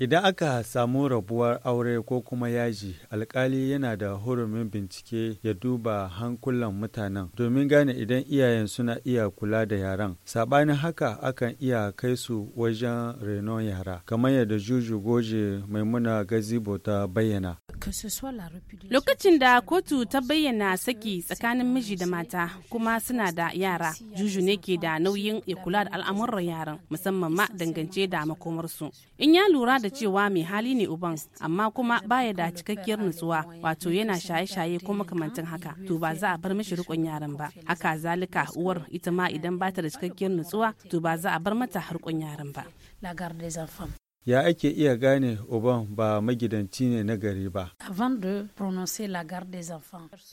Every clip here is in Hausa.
Idan aka samu rabuwar aure ko kuma yaji, alkali yana da hurumin bincike ya duba hankulan mutanen domin gane idan iyayen suna iya kula da yaran. Sabanin haka akan iya kai su wajen renon yara, kamar yadda Juju Goje Maimuna Gazibo ta bayyana. Lokacin da kotu ta bayyana saki tsakanin miji da mata kuma suna da yara, juju ne ke da nauyin ya kula da al'amuran yaran musamman ma dangance da makomarsu. In ya lura da cewa mai hali ne uban amma kuma baya da cikakkiyar nutsuwa wato yana shaye-shaye ko makamantan haka to ba za a bar mishi rikon yaran ba. Haka zalika uwar ita ma idan ba ta da cikakkiyar nutsuwa to ba za a bar mata harkon yaran ba. ya ake iya gane uban ba magidanci ne na gari ba.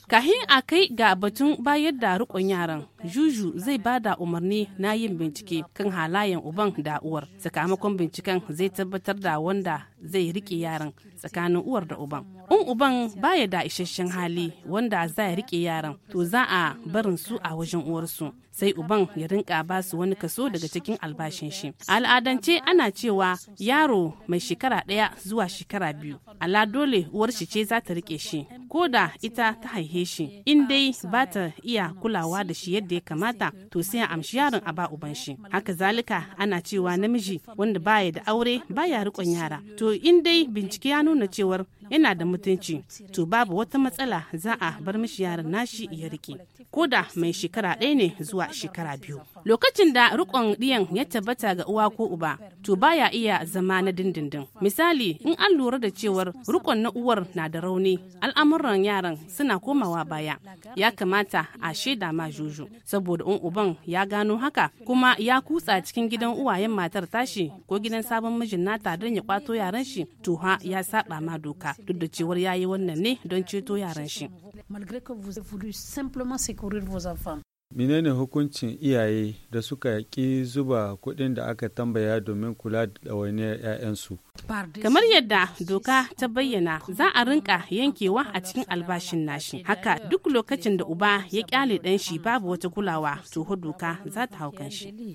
Kahin a kai ga batun bayar da rikon yaran, Juju zai ba da umarni na yin bincike kan halayen uban da uwar. Sakamakon binciken zai tabbatar da wanda zai rike yaran tsakanin uwar da uban in uban baya da isasshen hali wanda za riƙe rike yaran to za a barin su a wajen uwarsu sai uban ya rinka ba su wani kaso daga cikin albashin shi al'adance ana cewa yaro mai shekara ɗaya zuwa shekara biyu ala dole uwar shi ce za ta rike shi ko da ita ta haihe shi in dai ba ta iya kulawa da shi yadda ya kamata to sai a amshi yaron a ba uban shi haka zalika ana cewa namiji wanda baya da aure baya rikon yara to in dai bincike ya nuna cewar yana da mutunci to babu wata matsala za a bar mishi yaron nashi ya rike ko da mai shekara ɗaya ne zuwa shekara biyu lokacin da rikon ɗiyan ya tabbata ga uwa ko uba to baya iya zama na dindindin misali in an lura da cewar rikon na uwar na da rauni al'amuran al'amuran yaran suna komawa baya ya kamata a shaida ma juju saboda un uban ya gano haka kuma ya kutsa cikin gidan uwayen matar tashi ko gidan sabon mijin nata don ya kwato yaran shi to ha ya saba ma doka duk da cewar yayi wannan ne don ceto yaran shi Menene hukuncin iyaye da suka ƙi zuba kuɗin da aka tambaya domin kula da ɗawainiyar 'ya'yansu? Kamar yadda doka ta bayyana za a rinka yankewa a cikin albashin nashi. Haka duk lokacin da uba ya ƙyale ɗanshi babu wata kulawa to doka za ta hau shi.